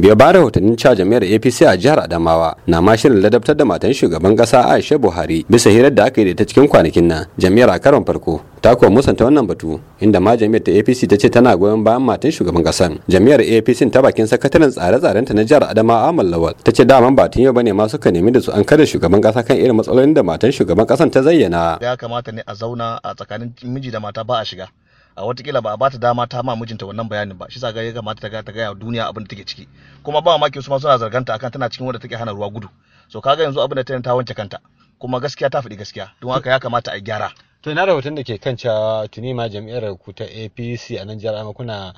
biyo ba rahotannin cewa jami'ar apc a jihar adamawa na ma shirin ladabtar da matan shugaban kasa aisha buhari bisa hirar da aka yi da ta cikin kwanakin nan jami'ar a karon farko ta kuwa musanta wannan batu inda ma jami'ar ta apc ta ce tana goyon bayan matan shugaban kasan jami'ar apc ta bakin sakataren tsare-tsaren ta na jihar adamawa amal lawal ta ce daman ba tun yau bane ma suka nemi da su an kada shugaban kasa kan irin matsalolin da matan shugaban kasan ta zayyana ya kamata ne a zauna a tsakanin miji da mata ba a shiga a watakila ba a bata dama ta ma mijinta wannan bayanin ba shi sa ga ya kamata ta ga ta gaya duniya abin da take ciki kuma ba mamaki su ma suna zarganta akan tana cikin wanda take hana ruwa gudu so kaga yanzu abin da ta ta wanke kanta kuma gaskiya ta faɗi gaskiya don haka ya kamata a gyara to ina rahoton da ke kan cewa tuni ma jam'iyyar ku ta apc a nan jihar amma kuna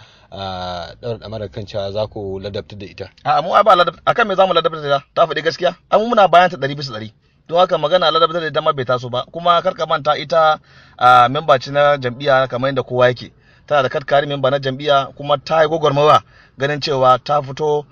ɗaura ɗamarar kan cewa za ku ladabta da ita a mu ba ladabta akan me za mu ladabta da ta faɗi gaskiya amma muna bayanta ɗari bisa ɗari to haka magana Allah da dama bai taso ba kuma karka manta ita a memba ce na jam'iyya kamar yadda kowa yake tana da karkari memba na jam'iyya kuma ta yi gwagwarmawa ganin cewa ta fito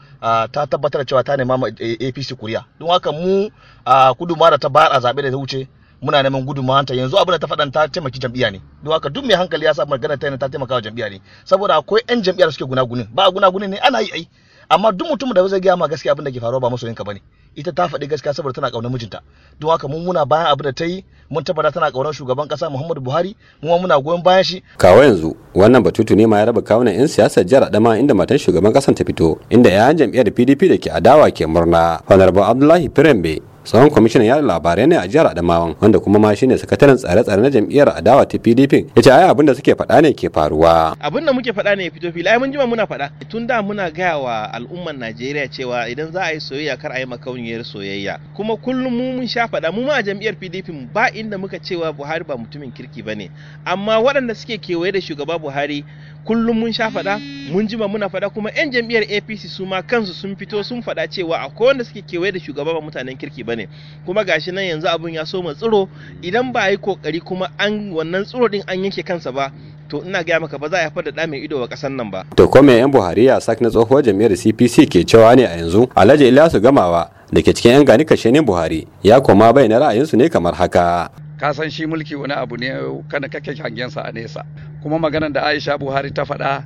ta tabbatar cewa ta nema apc kuriya don haka mu a gudunmawa da ta bayar zaɓe da ta wuce muna neman gudunmawa ta yanzu abin da ta faɗan ta taimaki jam'iyya ne don haka duk mai hankali ya sa magana ta ta taimaka wa jam'iyya ne saboda akwai 'yan jam'iyyar suke gunagunin ba a gunagunin ne ana yi ai amma duk mutumin da zai gaya ma gaskiya abin da ke faruwa ba masoyinka bane ita ta faɗi gaskiya saboda tana ƙaunar mijinta don haka mun muna bayan abin da ta yi mun tabbata tana ƙaunar shugaban ƙasa Muhammadu Buhari mu muna goyon bayan shi kawo yanzu wannan batutu ne ma ya raba kawunan yan siyasar jihar Adama inda matan shugaban ƙasar ta fito inda yayan jam'iyyar PDP da ke adawa ke murna Honorable Abdullahi Firembe tsawon kwamishinan yada labarai ne a jihar adamawan wanda kuma ma shine sakataren tsare-tsare na jam'iyyar adawa ta pdp ya ce ai abin da suke faɗa ne ke faruwa abin da muke faɗa ne ya fito fili ai mun jima muna faɗa tun da muna gaya wa al'umman najeriya cewa idan za a yi soyayya kar a yi makauniyar soyayya kuma kullum mu mun sha faɗa mu ma a jam'iyyar pdp ba inda muka cewa buhari ba mutumin kirki ba ne amma waɗanda suke kewaye da shugaba buhari kullum mun sha faɗa mun jima muna faɗa kuma 'yan jam'iyyar apc su ma kansu sun fito sun faɗa cewa akwai wanda suke kewaye da shugaba ba mutanen kirki ba ne kuma gashi nan yanzu abun ya soma tsiro idan ba a yi kokari kuma an wannan tsiro din an yanke kansa ba to ina gaya maka ba za a haifar da mai ido wa ƙasar nan ba. To kome 'yan Buhari ya sak na tsohuwar jam'iyyar CPC ke cewa ne a yanzu Alhaji Ilyasu Gamawa da ke cikin 'yan gani kashe ne Buhari ya koma bai na ra'ayinsu ne kamar haka. Ka san shi mulki wani abu ne kana kake hangensa a nesa kuma maganar da Aisha Buhari ta faɗa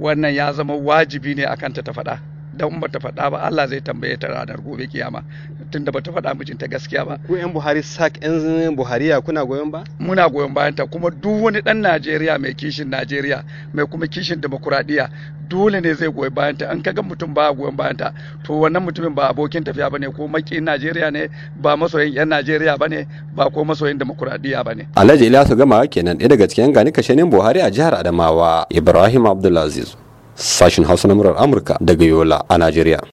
wannan ya zama wajibi ne akan ta ta faɗa. dan ba ta faɗa ba Allah zai tambaye ta ranar gobe kiyama tunda ba ta faɗa mijinta gaskiya ba ku yan Buhari sak yan Buhariya kuna goyon ba muna goyon bayan ta kuma duk wani dan Najeriya mai kishin Najeriya mai kuma kishin demokuraɗiyya dole ne zai goyi bayan ta an kaga mutum ba goyon bayan ta to wannan mutumin ba abokin tafiya bane ko makin Najeriya ne ba masoyin yan Najeriya bane ba ko masoyin demokuraɗiyya bane Alhaji Ilyasu Gama kenan ɗaya daga cikin gani kashenin Buhari a jihar Adamawa Ibrahim Abdulaziz sashin hausa na murar amurka daga yola a najeriya